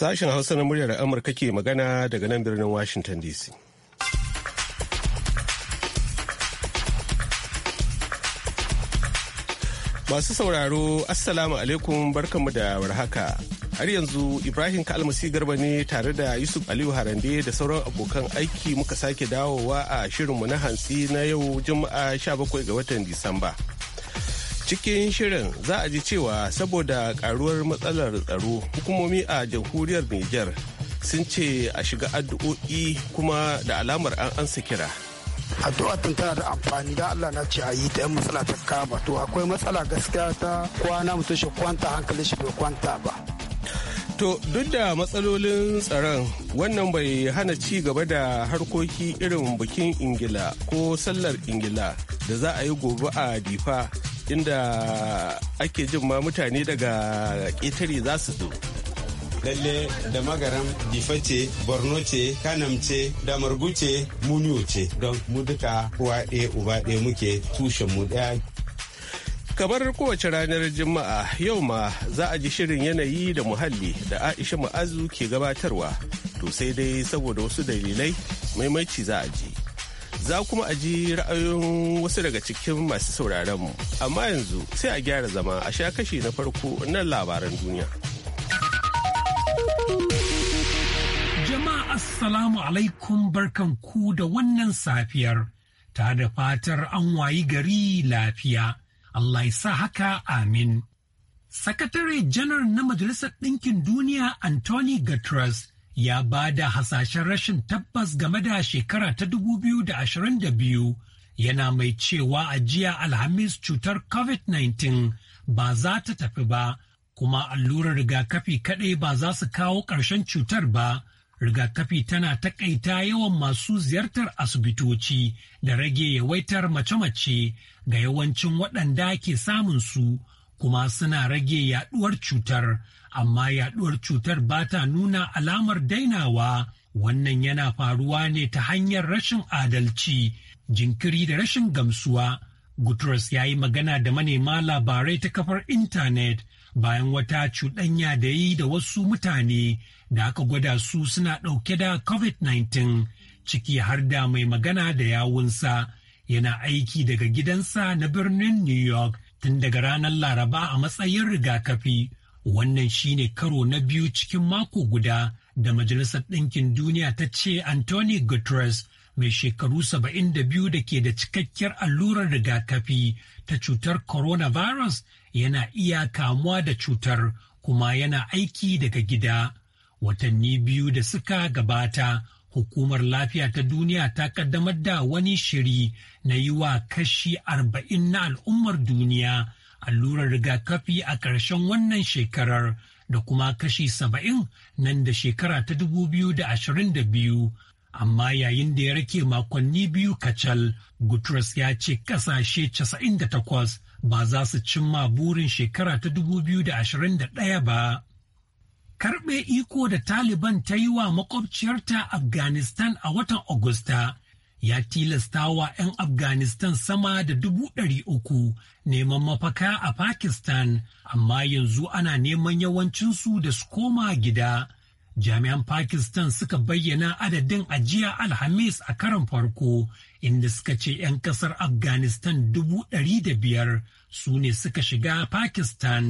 Sashen Hausa na muryar Amurka ke magana daga nan birnin Washington DC. Masu sauraro, Assalamu alaikum barkanmu da warhaka. Har yanzu Ibrahim Kalmasi Garba ne tare da Yusuf Aliyu Harande da sauran abokan aiki muka sake dawowa a shirinmu na hantsi na yau Juma'a 17 ga watan Disamba. cikin shirin za a ji cewa saboda karuwar matsalar tsaro hukumomi a jamhuriyar niger sun ce a shiga addu'o'i kuma da alamar an ansa kira addu'a tun tana da amfani da Allah na ce a yi ta yan matsala ta kama to akwai matsala gaskiya ta kwana mutum shi kwanta hankalin shi bai kwanta ba To duk da matsalolin tsaron wannan bai hana ci gaba da harkoki irin bikin Ingila ko sallar Ingila da za a yi gobe a Difa inda ake jin ma mutane daga ƙetare za su zo lalle da magaram jifa ce borno ce kanam ce da margu ce muniyo ce don mu duka kowa ɗaya uba ɗaya muke tushen mu ɗaya kamar kowace ranar juma'a yau ma za a ji shirin yanayi da muhalli da aisha ma'azu ke gabatarwa to sai dai saboda wasu dalilai maimaici za a ji za kuma a ji ra'ayoyin wasu daga cikin masu sauraron mu amma yanzu sai a gyara zama a sha kashi na farko na labaran duniya jama'a assalamu alaikum barkan ku da wannan safiyar ta da fatar an wayi gari lafiya Allah ya sa haka amin sakatare janar na majalisar ɗinkin duniya anthony guterres ya ba da hasashen rashin tabbas game da shekara ta 2022 yana mai cewa ajiya alhamis cutar covid-19 ba za ta tafi ba kuma allurar rigakafi kaɗai ba za su kawo ƙarshen cutar ba rigakafi tana takaita yawan masu ziyartar asibitoci da rage yawaitar mace-mace ga yawancin waɗanda ke samun su kuma suna rage yaduwar cutar amma yaduwar cutar ba ta nuna alamar dainawa wannan yana faruwa ne ta hanyar rashin adalci jinkiri da rashin gamsuwa guterres ya yi magana da manema labarai ta kafar intanet bayan wata cuɗanya da yi da wasu mutane da aka gwada su suna ɗauke da covid-19 ciki har da mai magana da yawunsa yana aiki daga gidansa na birnin new york tun daga ranar Laraba a matsayin rigakafi. Wannan shine karo na biyu cikin mako guda da Majalisar Ɗinkin Duniya ta ce Anthony Guterres mai shekaru 72 da ke da cikakkiyar allurar rigakafi ta cutar coronavirus yana iya kamuwa da cutar kuma yana aiki daga gida. Watanni biyu da suka gabata hukumar lafiya ta duniya ta kaddamar da wani shiri na yi wa kashi arba'in na al'ummar duniya allurar rigakafi a ƙarshen wannan shekarar da kuma kashi saba'in nan da shekara ta dubu biyu amma yayin da ya rake makonni biyu kacal guterres ya ce ƙasashe casa'in da takwas ba za su cimma burin shekara ta dubu ɗaya ba. karɓe iko da Taliban ta yi wa makwabciyarta Afghanistan a watan Agusta ya tilasta wa 'yan Afghanistan sama da dubu ɗari uku neman mafaka a Pakistan, amma yanzu ana neman yawancinsu da su koma gida. Jami'an Pakistan suka bayyana adadin ajiya Alhamis a karon farko, inda suka ce 'yan kasar Afghanistan dubu ɗari da biyar su ne suka shiga Pakistan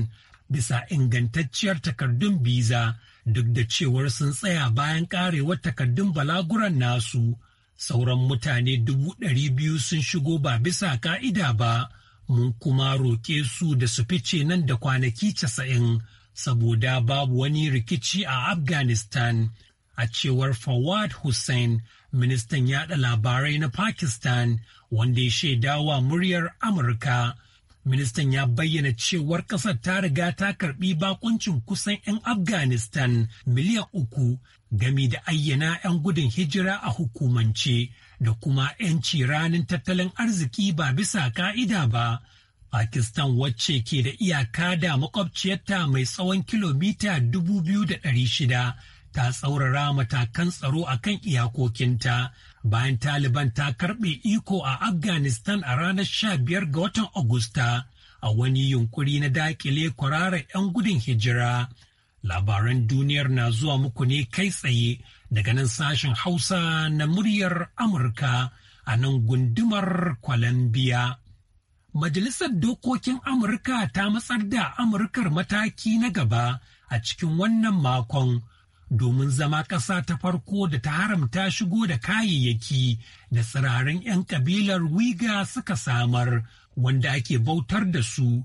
bisa ingantacciyar takardun biza duk da cewar sun tsaya bayan karewar takardun balaguran nasu sauran mutane dubu ɗari biyu sun shigo ba bisa ka'ida ba mun kuma roƙe su da su fice nan da kwanaki casa'in saboda babu wani rikici a afghanistan a cewar Fawad Hussein, ministan yada labarai na Pakistan, wanda ya shaidawa muryar Amurka Ministan ya bayyana cewar ƙasar ta riga ta karbi bakuncin kusan 'yan Afghanistan miliyan uku gami da ayyana 'yan gudun hijira a hukumance da kuma 'yanci ranin tattalin arziki ba bisa ka'ida ba. Pakistan wacce ke da iyaka da makwabciyarta mai tsawon kilomita 2,600 ta tsaurara matakan tsaro akan kan iyakokinta bayan Taliban ta karɓe iko a Afghanistan a ranar 15 ga watan Agusta a wani yunkuri na dakile kwararar 'yan gudun hijira. Labaran duniyar na zuwa muku ne kai tsaye daga nan sashen Hausa na muryar Amurka a nan gundumar Kwalambiya. Majalisar Dokokin Amurka ta matsar da Amurkar mataki na gaba a cikin wannan makon domin zama ƙasa ta farko da ta haramta shigo da kayayyaki da tsirarin 'yan kabilar wiga suka samar wanda ake bautar da su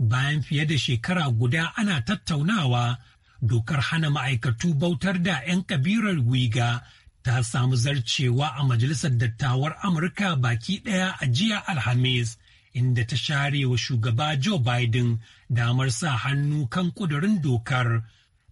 bayan fiye da shekara guda ana tattaunawa dokar hana ma'aikatu bautar da 'yan kabilar wiga ta samu zarcewa a majalisar dattawar amurka baki ɗaya a jiya alhamis inda ta share wa shugaba joe biden damar sa hannu kan ƙudurin dokar.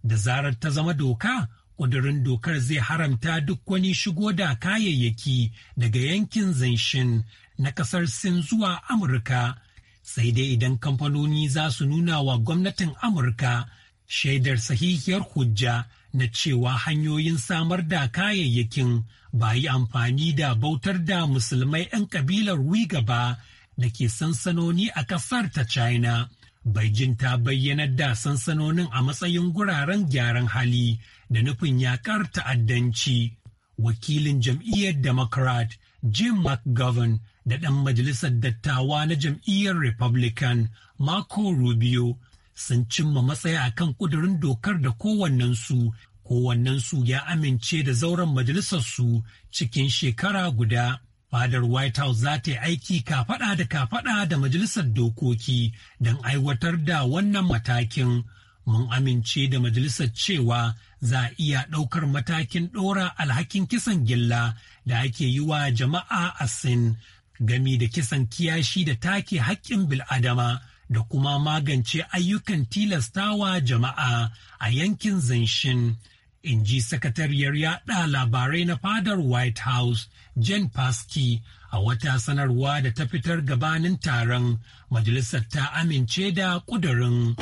da zarar ta zama doka ƙudurin dokar zai haramta duk wani shigo da kayayyaki daga yankin zanshin na ƙasar sin zuwa amurka sai dai idan kamfanoni za su nuna wa gwamnatin amurka shaidar sahihiyar hujja na cewa hanyoyin samar da kayayyakin ba yi amfani da bautar da musulmai 'yan ƙabilar wiga ba da ke sansanoni a ƙasar ta china Beijing ta bayyana da sansanonin a matsayin guraren gyaran hali da nufin yakar ta'addanci. Wakilin jam'iyyar Democrat Jim McGovern da ɗan majalisar dattawa na jam'iyyar Republican Marco Rubio sun cimma matsaya a kan ƙudurin dokar da kowannensu kowannensu ya amince da zauren majalisarsu cikin shekara guda. fadar white house za ta yi aiki kafada da kafada da majalisar dokoki don aiwatar da wannan matakin mun amince da majalisar cewa za a iya ɗaukar matakin ɗora alhakin kisan gilla da ake yi wa jama'a a sin gami da kisan kiyashi da take haƙƙin bil'adama da kuma magance ayyukan tilastawa jama'a a yankin zanshin in ji sakatariyar yada labarai na fadar White House Jen Paskey a wata sanarwa da ta fitar gabanin taron majalisar ta amince da kudurin.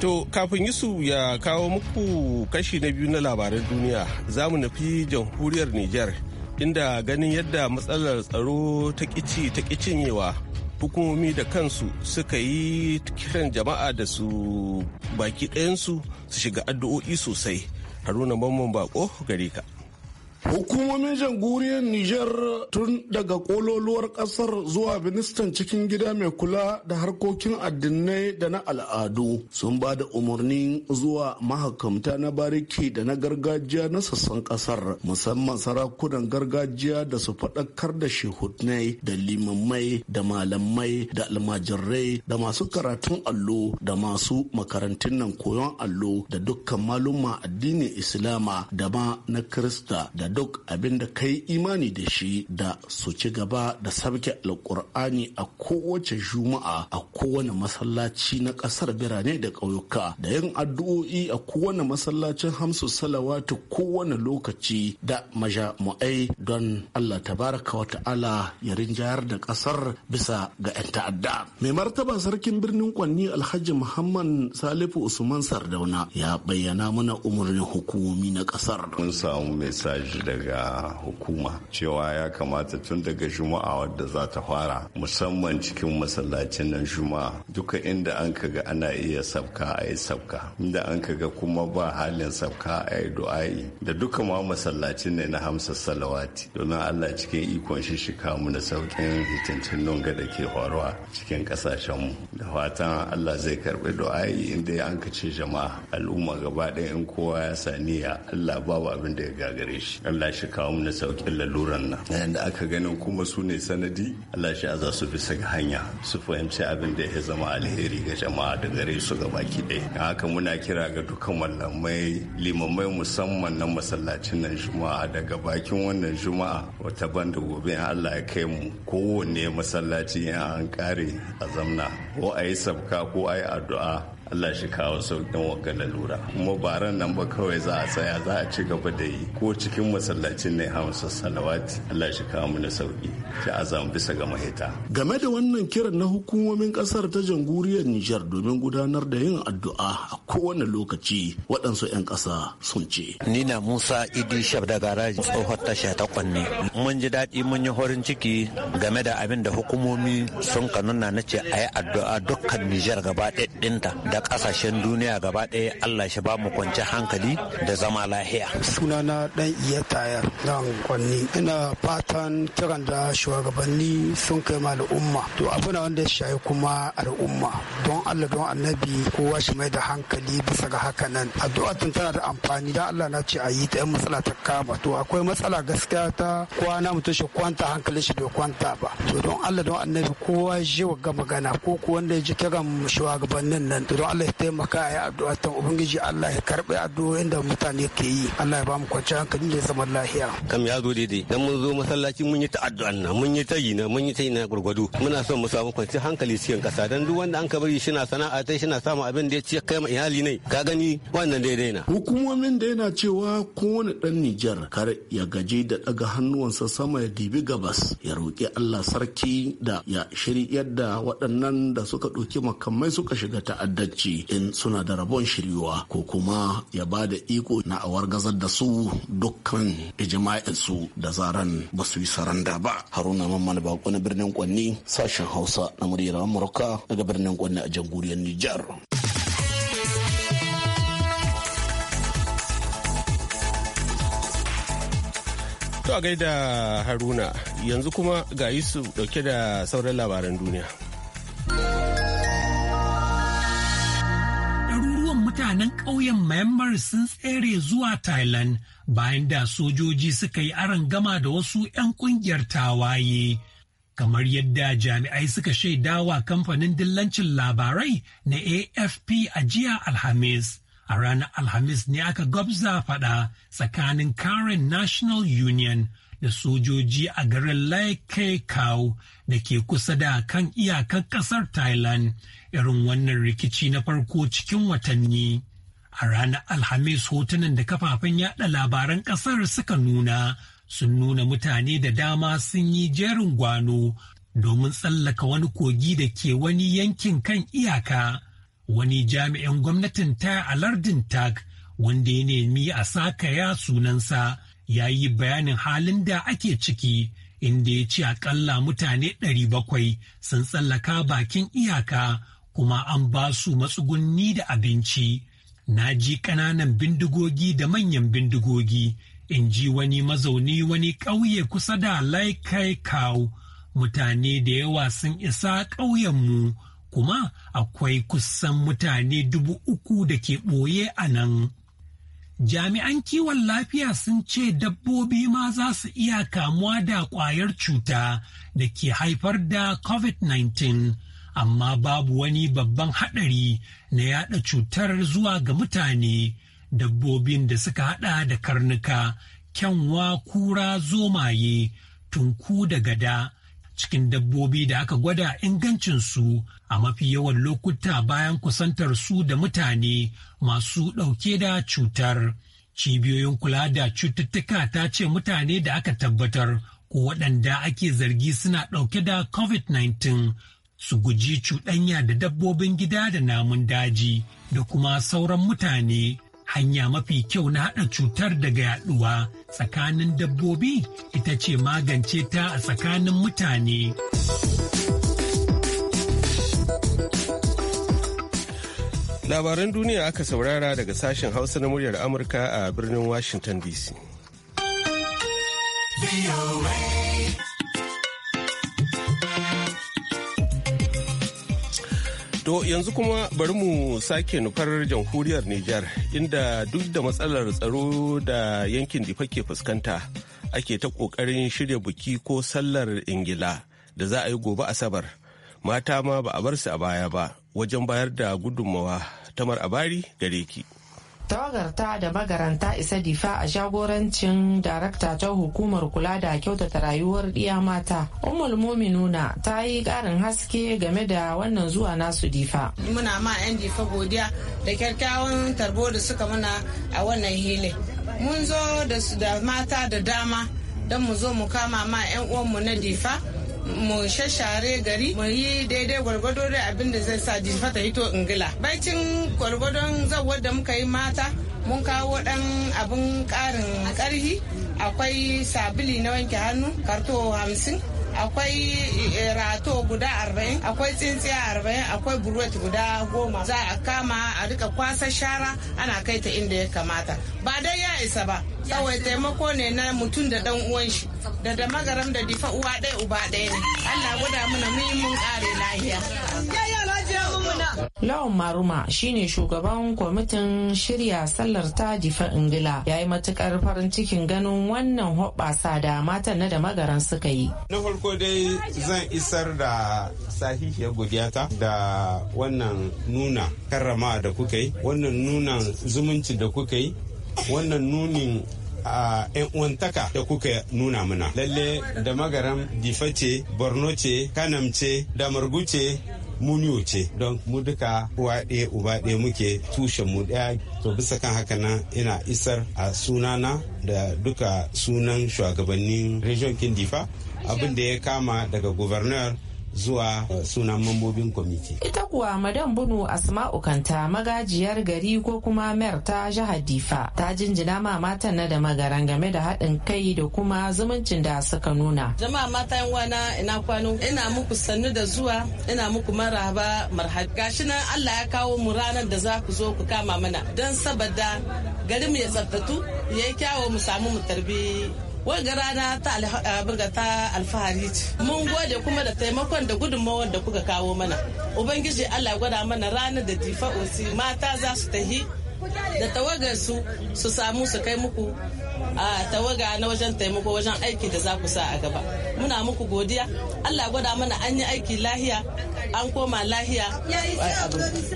To kafin Yusuf ya kawo muku kashi na biyu na labaran duniya za mu nufi jamhuriyar Nijar inda ganin yadda matsalar tsaro ta ƙici ta ƙicinyewa hukumomi da kansu suka yi kiran jama'a da su baki ɗayansu su shiga addu'o'i sosai haruna mamman bako gare ka Hukumomin jamhuriyar Nijar tun daga kololuwar kasar zuwa ministan cikin gida mai kula da harkokin addinai da na al'adu sun ba da umarni zuwa mahakamta na bariki da na gargajiya na sassan kasar musamman sarakunan gargajiya da su faɗakar da shehudnai da limammai da malamai da almajirai da masu karatun allo da masu makarantun nan koyon allo da dukkan maluma addinin islama da ma na kirista da duk abin da yi imani da shi da su ci gaba da sabke alkur'ani a kowace juma'a a kowane masallaci na kasar birane da ƙauyuka da yin addu'o'i a kowane masallacin hamsu salawatu kowane lokaci da Majamu'ai, don allah tabaraka wa ta'ala ya rinjayar da kasar bisa ga 'yan ta'adda mai martaba sarkin birnin kwanni alhaji muhammad salifu usman sardauna ya bayyana mana umarnin hukumomi na kasar mun samu mesaji daga hukuma cewa ya kamata tun daga juma'a wadda za ta fara musamman cikin masallacin nan juma'a duka inda an kaga ana iya sabka a yi sabka inda an kaga kuma ba halin sabka a yi du'a'i da duka ma masallacin ne na hamsa salawati domin allah cikin ikon shi shi kamu da sauƙin hitincin nunga da ke faruwa cikin ƙasashenmu da fatan allah zai karɓi du'a'i inda ya an kace jama'a al'umma gaba ɗaya in kowa ya saniya allah babu abin da ya gagare shi Allah shi kawo na saukin laluran nan yadda aka ganin kuma su ne sanadi Allah shi za su bisa ga hanya su fahimci abin da ya zama alheri ga jama'a da gare su ga baki ɗaya haka muna kira ga dukkan mallamai limamai musamman na masallacin nan juma'a daga bakin wannan juma'a wata banda gobe in Allah ya kai mu kowanne masallaci in an kare a zamna ko a yi sabka ko a yi addu'a Allah shi kawo sauƙin wanga lalura kuma ran nan ba kawai za a tsaya za a ci gaba da yi ko cikin masallacin ne hamsa salawati Allah shi kawo mana sauƙi ta azam bisa ga mahita game da wannan kiran na hukumomin ƙasar ta jamhuriyar Nijar domin gudanar da yin addu'a a kowane lokaci waɗansu 'yan ƙasa sun ce ni na Musa Idi Shab da garaji tsohon tasha ta kwanne mun ji daɗi mun yi horin ciki game da abin da hukumomi sun kanuna na ce a yi addu'a dukkan Nijar gaba ɗinta da kasashen duniya gaba ɗaya Allah shi ba mu kwanci hankali da zama lahiya. Sunana dan iya tayar dan kwanni ina fatan kiran da shugabanni sun kai ma al'umma to abuna wanda ya shayi kuma al'umma don Allah don annabi kowa shi mai da hankali bisa ga haka nan addu'a tun tana da amfani da Allah na ce a yi ta yan matsala ta kama to akwai matsala gaskiya ta kwana mutum shi kwanta hankali shi bai kwanta ba to don Allah don annabi kowa ya je magana ko kuwa wanda ya ji kiran shugabannin nan to addu'a Allah ya taimaka ya addu'a ta ubangiji Allah ya karbe addu'o'in da mutane ke yi Allah ya ba mu kwanciyar hankali da zaman lafiya kam ya zo daidai dan mun zo masallaci mun yi ta addu'an na, mun yi ta yi na mun yi ta yi na gurgudu muna son mu samu kwanciyar hankali cikin kasa dan duk wanda an ka bari na sana'a tai shina samu abin da ya ci kai ma iyali ne ka gani wannan daidai na hukumomin da yana cewa kowane dan Nijar kar ya gaji da daga hannuwansa sama ya dibi gabas ya roki Allah sarki da ya shiri da waɗannan da suka ɗauki makamai suka shiga ta'addanci adalci in suna da rabon shiryuwa ko kuma ya ba da iko na awar gazar da su dukkan ijima'in su da zaran ba su yi saranda ba haruna mamman bako na birnin kwanni sashen hausa na muryar amurka daga birnin kwanni a jamhuriyar nijar To a gaida Haruna yanzu kuma ga su dauke da sauran labaran duniya. mutanen ƙauyen Myanmar sun tsere zuwa Thailand bayan da sojoji suka yi aron gama da wasu 'yan ƙungiyar tawaye. Kamar yadda jami'ai suka shaidawa kamfanin dillancin labarai na AFP a jiya Alhamis. A ranar Alhamis ne aka gwabza faɗa tsakanin Karen National Union da sojoji a garin Lai Kau da ke kusa da kan iyakar ƙasar Thailand irin wannan rikici na farko cikin watanni. A ranar Alhamis hotunan da kafafen yada labaran ƙasar suka nuna sun nuna mutane da dama sun yi jerin gwano domin tsallaka wani kogi da ke wani yankin kan iyaka. Wani jami'in gwamnatin ta a lardin Tag wanda ya nemi a sakaya sunansa ya yi bayanin halin da ake ciki inda ya ce akalla mutane 700 sun tsallaka bakin iyaka kuma an ba su matsugunni da abinci. Na ji ƙananan bindigogi da manyan bindigogi, in ji wani mazauni wani ƙauye kusa da Laikai Kau. Mutane da yawa sun isa ƙauyenmu, kuma akwai kusan mutane dubu uku da ke ɓoye a nan. jami'an kiwon lafiya sun ce dabbobi ma za su iya kamuwa da kwayar cuta da ke haifar da covid-19 amma babu wani babban haɗari na yaɗa cutar zuwa ga mutane dabbobin da suka haɗa da karnuka kyanwa kura zomaye tunku da gada cikin dabbobi da aka gwada ingancinsu a mafi yawan lokuta bayan kusantar su da mutane masu ɗauke da cutar. Cibiyoyin kula da cututtuka ta ce mutane da aka tabbatar ko waɗanda ake zargi suna ɗauke da COVID-19 su guji cuɗanya da dabbobin gida da namun daji da kuma sauran mutane hanya mafi kyau na haɗa cutar daga yaɗuwa tsakanin dabbobi ita ce magance ta a tsakanin mutane. Labaran duniya aka saurara daga sashen Hausa na muryar Amurka a birnin Washington DC. To yanzu kuma bari mu sake nufar jamhuriyar Nijar inda duk da matsalar tsaro da yankin difa ke fuskanta ake ta ƙoƙarin shirya buki ko sallar ingila da za a yi gobe asabar. Mata ma ba a bar su a baya ba wajen bayar da gudunmawa tamar a bari gare ki. tawagarta da magaranta isa difa a jagorancin darakta ta hukumar kula da kyautata rayuwar ɗiya mata umul muminuna ta yi ƙarin haske game da wannan zuwa nasu difa muna ma 'yan difa godiya da kyakkyawan tarbo da suka muna a wannan hile mun zo da mata da dama don mu zo mu kama ma 'yan uwanmu na difa mu shashare gari mu yi daidai gwargwado da abin da zai sa jifa ta hito ingila baicin gwargwadon zawar da muka yi mata mun kawo dan abin karin karhi akwai sabili na wanke hannu karto hamsin akwai e, rato guda arba'in akwai tsintsiya arba'in akwai burwet guda goma za a kama a rika kwasa shara ana kai ta inda ya kamata ba dai ya isa ba kawai taimako ne na mutum da dan uwan shi da da magaram da difa uwa ɗaya uba ɗaya ne allah guda muna mu yi mun ƙare lahiya Lawan Maruma shine shugaban kwamitin shirya sallar ta jifa Ingila ya yi matukar farin cikin ganin wannan hoɓɓasa da matan na da magaran suka yi. Na farko dai zan isar da sahihiyar godiyata da wannan nuna karrama da kuka yi, wannan nuna zumunci da kuka yi, wannan nunin a yan uwantaka da kuka nuna mana lalle da magaram diface borno ce kanam ce da margu ce muniyo ce don mu duka uwa ɗaya uba ɗaya muke tushen mu ɗaya to bisa kan haka na ina isar a sunana da duka sunan shugabannin region kindifa abin da ya kama daga governor zuwa sunan mambobin kwamiti. Ita kuwa Madan Bunu Asma'u Kanta magajiyar gari ko kuma mayar ta jihar Difa ta jinjina ma matan na da magaran game da haɗin kai da kuma zumuncin da suka nuna. Jama'a mata yan wana ina kwano ina muku sannu da zuwa ina muku maraba marhab gashi nan Allah ya kawo mu ranar da za ku zo ku kama mana don saboda garin ya tsaftatu ya yi kyawo mu samu mu tarbi wanga rana ta eh, burga ta alfahari ce mun gode kuma da taimakon da gudunmawar da kuka kawo mana ubangiji allah gwada mana rana da difa osi mata za su tahi da tawagar su su samu su kai muku a tawaga na wajen taimako wajen aiki da za ku sa a gaba muna muku godiya allah gwada mana an yi aiki lahiya an koma lahiya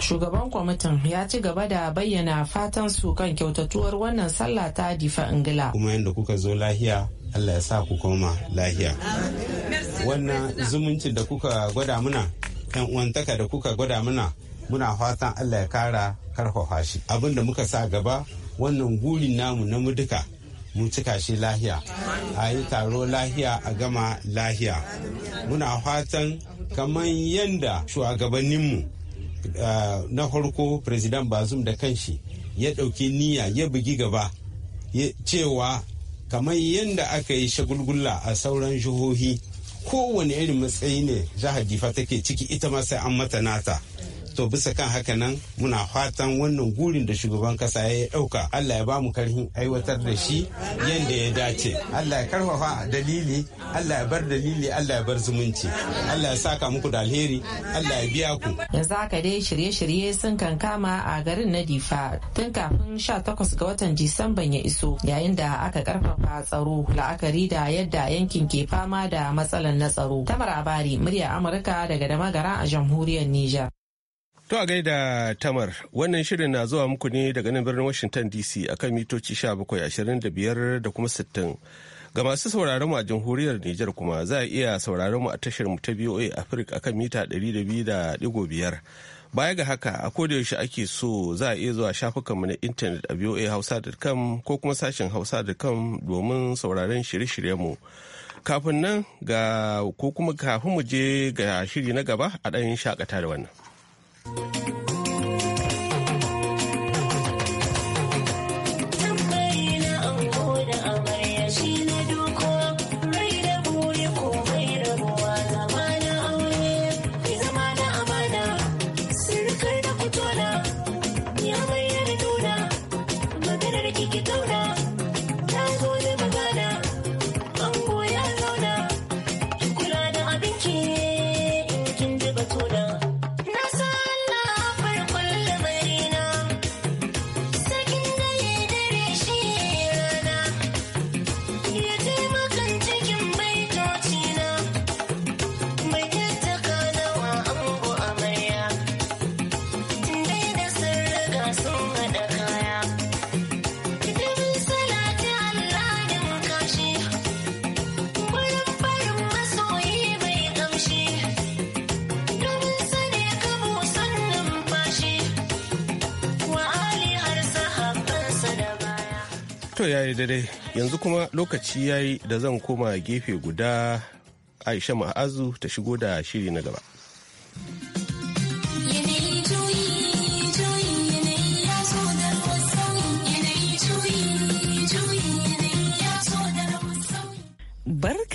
shugaban kwamitin ya ci gaba da bayyana fatan su kan kyautatuwar wannan sallah ta difa ingila kuma yadda kuka zo lahiya allah ya sa ku koma lahiya wannan zumunci da kuka gwada muna yan uwantaka da kuka gwada muna muna fatan allah ya kara karfafa shi abin da muka sa gaba wannan gurin namu na mu duka mu cika shi lahiya a yi taro lahiya a gama lahiya muna fatan kamar yadda shugabanninmu eh, na farko president bazum da kanshi ya ɗauki niyya ya bugi gaba cewa kamar yadda aka yi shagulgula a sauran jihohi kowane irin matsayi ne jihar jifa take ciki ita ma sai an mata nata to bisa kan haka nan muna fatan wannan gurin da shugaban kasa ya dauka Allah ya bamu karhin aiwatar da shi yadda ya dace Allah ya karfafa dalili Allah ya bar dalili Allah ya bar zumunci Allah ya saka muku da alheri Allah ya biya ku yanzu haka dai shirye-shirye sun kankama a garin na Difa tun kafin 18 ga watan Disamban ya iso yayin da aka karfafa tsaro la'akari da yadda yankin ke fama da matsalar na tsaro tamar abari murya Amurka daga da magara a jamhuriyar Nijar To a gaida Tamar, wannan shirin na zuwa muku ne daga nan birnin Washington DC akan mitoci 1725 da kuma 60. Ga masu sauraron mu a jamhuriyar Nijar kuma za a iya sauraron mu a tashar mu ta BOA Africa akan mita 200.5. Baya ga haka a koda yaushe ake so za a iya zuwa shafukanmu na intanet a voahausa.com ko kuma sashen hausa.com domin sauraron shirye-shiryenmu. mu. kafin nan ga ko kuma kafin mu je ga shiri na gaba a ɗan shakata da wannan. Thank you. To yi dare yanzu kuma lokaci ya yi da zan koma gefe guda Aisha Ma'azu ta shigo da shiri na gaba.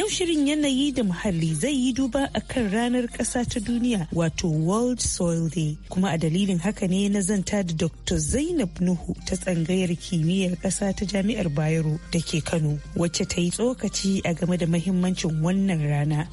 Yau shirin yanayi da muhalli zai yi duba a kan ranar ƙasa ta duniya wato World Soil Day. Kuma a dalilin haka ne na zanta da Dr. Zainab Nuhu ta tsangayar kimiyyar ƙasa ta Jami'ar Bayero da ke Kano wacce ta yi tsokaci a game da mahimmancin wannan rana.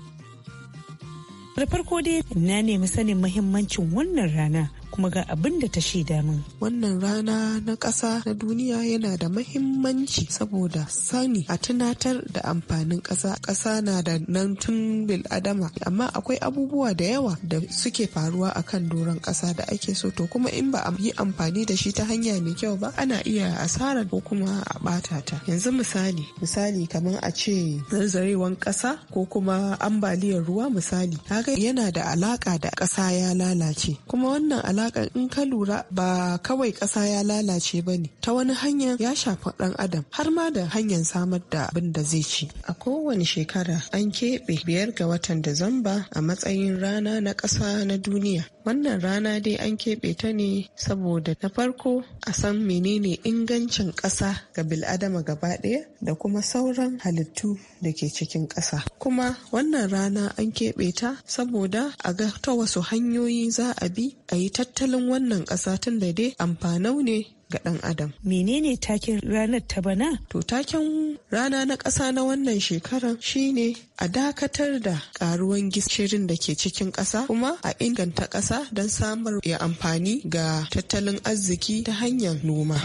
Da farko dai na nemi sanin mahimmancin wannan rana kuma ga abin da ta shaida min. Wannan rana na ƙasa na duniya yana da mahimmanci saboda sani a tunatar da amfanin ƙasa. Ƙasa na da nan tun bil adama amma akwai abubuwa da yawa da suke faruwa a kan doron ƙasa da ake so to kuma in ba a yi amfani da shi ta hanya mai kyau ba ana iya asara ko kuma a ɓata ta. Yanzu misali misali kamar a ce zarzarewan ƙasa ko kuma ambaliyar ruwa misali kaga yana da alaƙa da ƙasa ya lalace kuma wannan Alaƙa in ka lura ba kawai ƙasa ya lalace ba ne ta wani hanyar ya shafi ɗan adam har ma da hanyar samar da abin da zai ci. A kowane shekara an keɓe biyar ga watan Disamba a matsayin rana na ƙasa na duniya wannan rana dai an keɓe ta ne saboda na farko a san menene ingancin ƙasa ga bil'adama gaba ɗaya da kuma sauran halittu da ke cikin ƙasa kuma wannan rana an keɓe ta saboda a ga ta wasu hanyoyi za a bi a yi tattalin wannan ƙasa tun da dai amfanau ne ga ɗan adam. Menene taken ranar ta bana? To taken rana na ƙasa na wannan shekarar shine a dakatar da ƙaruwan gishirin da ke cikin ƙasa kuma a inganta ƙasa don samar ya amfani ga tattalin arziki ta hanyar noma.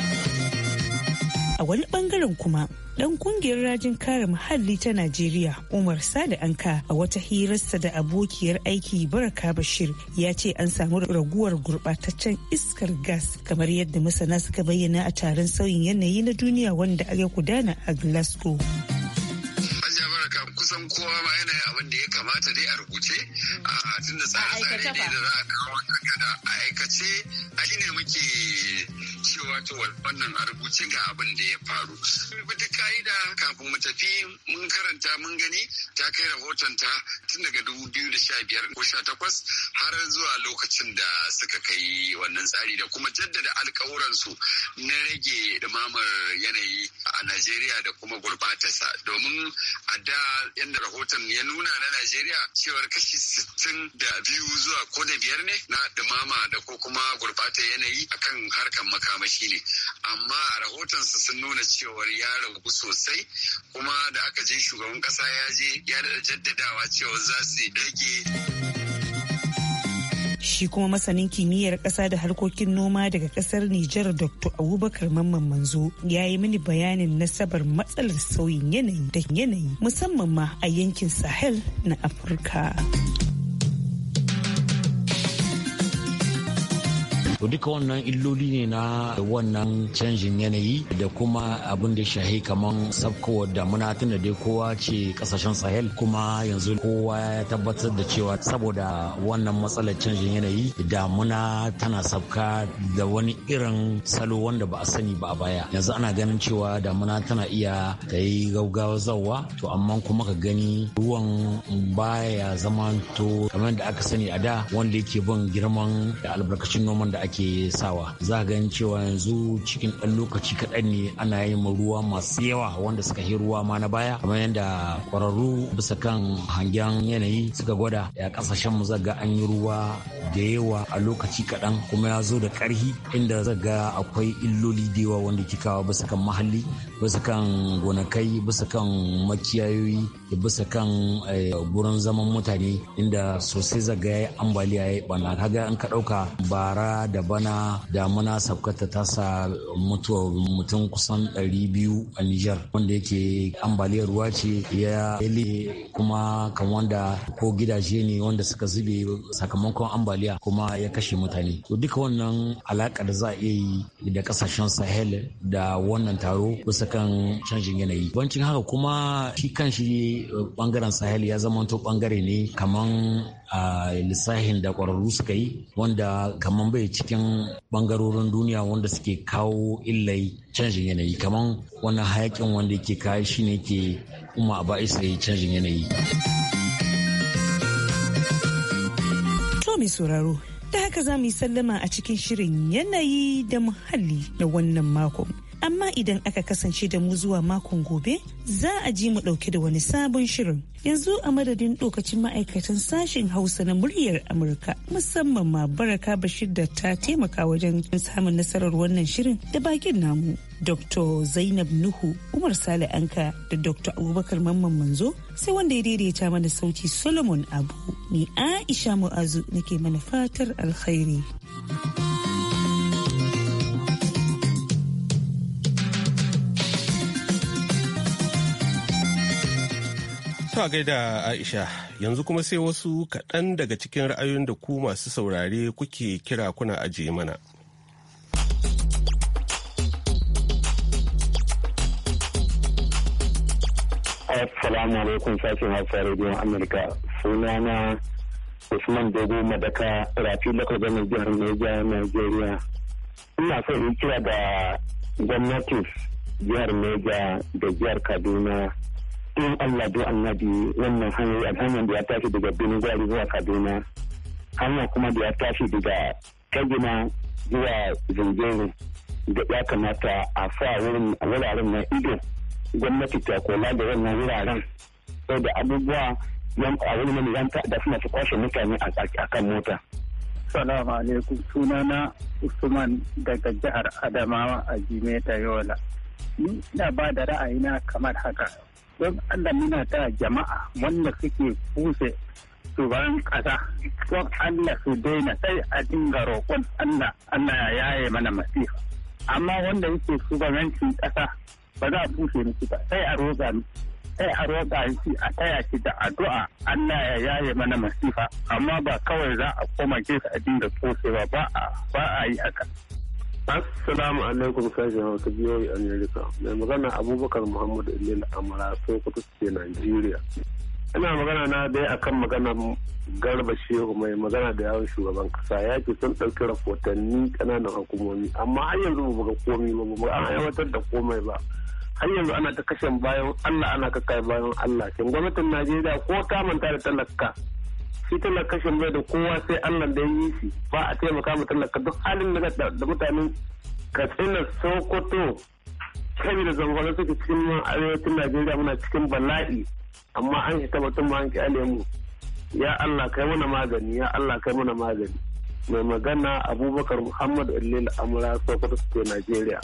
a wani bangaren kuma dan kungiyar rajin kare muhalli ta najeriya umar sada anka a wata hirarsa da abokiyar aiki baraka bashir ya ce an samu raguwar gurbataccen iskar gas kamar yadda masana suka bayyana a taron sauyin yanayi na duniya wanda ya gudana a glasgow kusan kowa ma yana yin abin da ya kamata dai a rubuce a tun da tsare-tsare ne da za a kawo kada a aikace a shi ne muke cewa to wannan a rubuce ga abin da ya faru. Bita ka'ida kafin mu tafi mun karanta mun gani ta kai rahoton ta tun daga dubu biyu da sha biyar ko sha takwas har zuwa lokacin da suka kai wannan tsari da kuma jaddada alkawuransu na rage dumamar yanayi a Najeriya da kuma gurbatarsa domin a da yadda rahoton ya nuna na Najeriya cewar kashi sittin da biyu zuwa ko da biyar ne na dumama da ko kuma gurbatar yanayi akan harkar makamashi ne amma a rahoton su sun nuna cewar ya ragu sosai kuma da aka je shugaban kasa ya je ya jaddadawa cewa za su rage shi kuma masanin kimiyyar ƙasa da harkokin noma daga ƙasar Nijar Dr. Abubakar Mamman Manzo ya yi mini bayanin nasabar matsalar sauyin yanayi da yanayi musamman ma a yankin Sahel na Afirka. to duka wannan illoli ne na wannan canjin yanayi da kuma abin da shahi kamar sabkowar damuna tunda dai kowa ce kasashen sahel kuma yanzu kowa ya tabbatar da cewa saboda wannan matsalar canjin yanayi damuna tana sabka da wani irin salo wanda ba a sani ba a baya yanzu ana ganin cewa damuna tana iya ta yi gaugawa zawa to amma kuma ka gani ruwan baya zama to kamar da aka sani a da wanda yake bin girman da albarkacin noman da ake ake sawa za a gani cewa yanzu cikin ɗan lokaci kaɗan ne ana yin ruwa masu yawa wanda suka yi ruwa ma na baya kamar yadda kwararru bisa kan hangen yanayi suka gwada a ƙasashen mu zaga an yi ruwa da yawa a lokaci kaɗan kuma ya zo da ƙarhi inda zaga akwai illoli da yawa wanda ke kawo bisa kan mahalli bisa kan gonakai bisa kan makiyayoyi da bisa kan eh, gurin zaman mutane inda sosai zaga ya yi ambaliya ya yi ɓanna kaga in ka ɗauka bara da bana damuna sabkata ta sa mutuwa mutum kusan 200 a Nijar wanda yake ambaliyar ruwa ce ya ile kuma kan wanda ko gidaje ne wanda suka zube sakamakon ambaliya kuma ya kashe mutane. To duka wannan alakar da za a iya yi da kasashen Sahel da wannan taro bisa kan canjin yanayi. Bancin haka kuma shi kan shi bangaren Sahel ya zama to bangare ne kaman a lissahin da ƙwararru suka yi wanda kamar bai cikin bangarorin duniya wanda suke kawo illai canjin yanayi kamar wani hayakin wanda ke kayi shi ne ke kuma a ba'isa canjin yanayi. To mai sauraro da haka za mu yi sallama a cikin shirin yanayi da muhalli na wannan mako. amma idan aka kasance da mu zuwa makon gobe za a ji mu ɗauke da wani sabon shirin yanzu a madadin dokacin ma'aikatan sashen hausa na muryar amurka musamman ma baraka bashir da ta taimaka wajen samun nasarar wannan shirin da bakin namu dr zainab nuhu umar sale anka da dr abubakar mamman manzo sai wanda ya daidaita mana sauti solomon abu ni aisha mu'azu nake mana fatar alkhairi. Ta gaida Aisha, yanzu kuma sai wasu kaɗan daga cikin ra'ayoyin da ku masu saurare kuke kira kuna ajiye mana. Assalamu alaikum sashen Hausa Radio Amurka. Sunana Usman Dogo Madaka Rafi Lakar Gamin Jihar Neja, Nigeria. Ina so in kira da gwamnati jihar Neja da jihar Kaduna in Allah bai annabi wannan hanyar hanyar da ya tashi daga Benin Gwari zuwa Kaduna hanyar kuma da ya tashi daga Kaduna zuwa Zungeru da ya kamata a sa wuraren na ido gwamnati ta kula da wannan wuraren sau da abubuwa yan a wani mani da suna su kwashe mutane a kan mota. Salamu alaikum sunana Usman daga jihar Adamawa a Jimeta Yola. Ni na ba da ra'ayi na kamar haka. don Allah muna ta jama'a wanda suke kuse shugaban ƙasa don Allah su daina sai a dinga roƙon Allah Allah ya yaye mana masifa amma wanda yake shugabancin ƙasa ba za a kuse musu ba sai a roƙa sai a roƙa shi a taya shi da addu'a Allah ya yaye mana masifa amma ba kawai za a koma gefe a dinga tsosewa ba a yi haka. Assalamu alaikum sashen hausa biyoyi Amerika. Mai magana Abubakar Muhammad Ilil Amara Sokoto ke Najeriya. Ina magana na dai akan magana Garba Shehu mai magana da yawon shugaban kasa ya ce sun ɗauki rahotanni ƙananan hukumomi amma har yanzu ba ga komai ba ba an aiwatar da komai ba. har yanzu ana ta kashen bayan Allah ana kakai bayan Allah. Shin gwamnatin Najeriya ko ta manta da talaka shi tana kashin bai da kowa sai Allah da yi shi ba a taimaka mutum talaka duk halin da mutanen katsina sokoto kai da zamfara suke cikin arewacin najeriya muna cikin bala'i amma an shi tabbatun mu an kyale mu ya Allah kai mana magani ya Allah kai mana magani mai magana abubakar muhammad alil amura sokoto suke najeriya.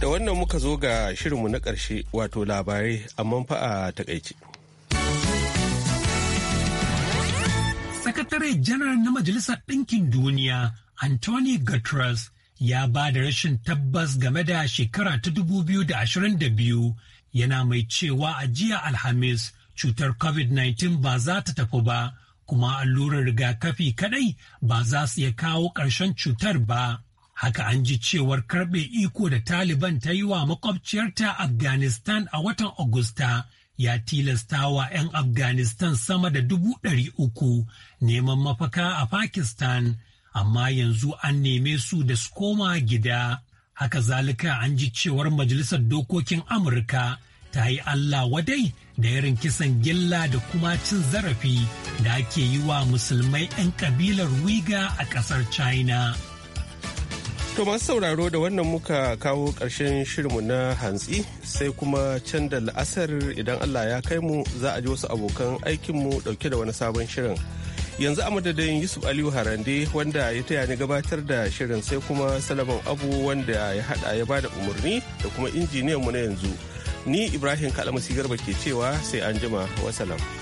Da wannan muka zo ga shirinmu na ƙarshe wato labarai amma fa a takaice. Sakatare janar na Majalisar Ɗinkin Duniya Anthony Guterres ya ba da rashin tabbas game da shekara ta da da ashirin biyu, yana mai cewa a jiya Alhamis cutar COVID-19 ba za ta tafi ba kuma allurar rigakafi kadai ba za su iya kawo ƙarshen cutar ba. Haka an ji cewar karɓe iko da Taliban ta yi wa makwabciyarta Afghanistan a watan Agusta ya tilasta wa 'yan Afghanistan sama da dubu ɗari uku neman mafaka a Pakistan, amma yanzu an neme su da su koma gida. Haka zalika an ji cewar Majalisar Dokokin Amurka ta yi Allah wadai da irin kisan gilla da kuma cin zarafi da ake yi wa musulmai 'yan kabilar Wiga a ƙasar China. To masu sauraro da wannan muka kawo ƙarshen shirinmu na hantsi sai kuma can da la'asar idan Allah ya kai mu za a ji wasu abokan aikinmu ɗauke da wani sabon shirin. Yanzu a madadin Yusuf Aliyu Harande wanda ya taya ni gabatar da shirin sai kuma Salaman Abu wanda ya haɗa ya bada umarni da kuma injiniyanmu na yanzu. Ni Ibrahim Kalamasi Garba ke cewa sai an jima wasalam.